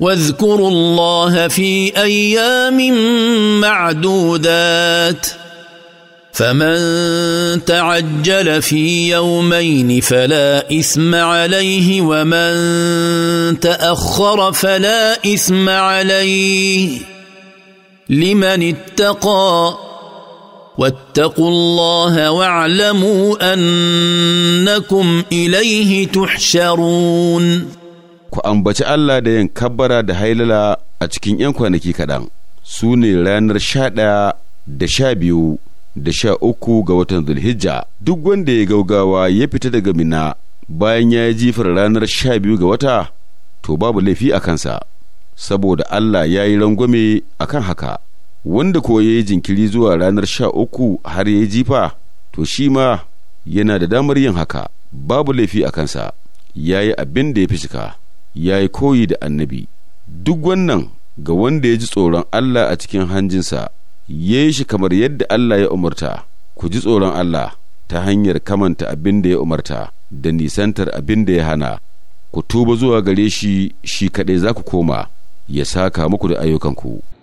واذكروا الله في ايام معدودات فمن تعجل في يومين فلا اثم عليه ومن تاخر فلا اثم عليه لمن اتقى واتقوا الله واعلموا انكم اليه تحشرون ku ambaci Allah da yin kabbara da hailala a cikin 'yan kwanaki kaɗan, su ne ranar sha ɗaya da sha biyu da sha uku ga watan Zulhijja, duk wanda ya gaugawa ya fita daga mina bayan ya yi jifar ranar sha biyu ga wata, to babu laifi a kansa, saboda Allah ya yi rangwame a kan haka, wanda ko ya yi jinkiri zuwa ranar sha uku har ya yi jifa, to shi ma yana da damar yin haka, babu laifi a kansa, ya yi abin da ya fi shika. ya yi koyi da annabi duk wannan ga wanda ya ji tsoron Allah a cikin hanjinsa ya yi shi kamar yadda Allah ya umarta ku ji tsoron Allah ta hanyar kamanta abin da ya umarta da nisantar abin da ya hana ku tuba zuwa gare shi shi kaɗai za ku koma ya saka muku da ayyukanku.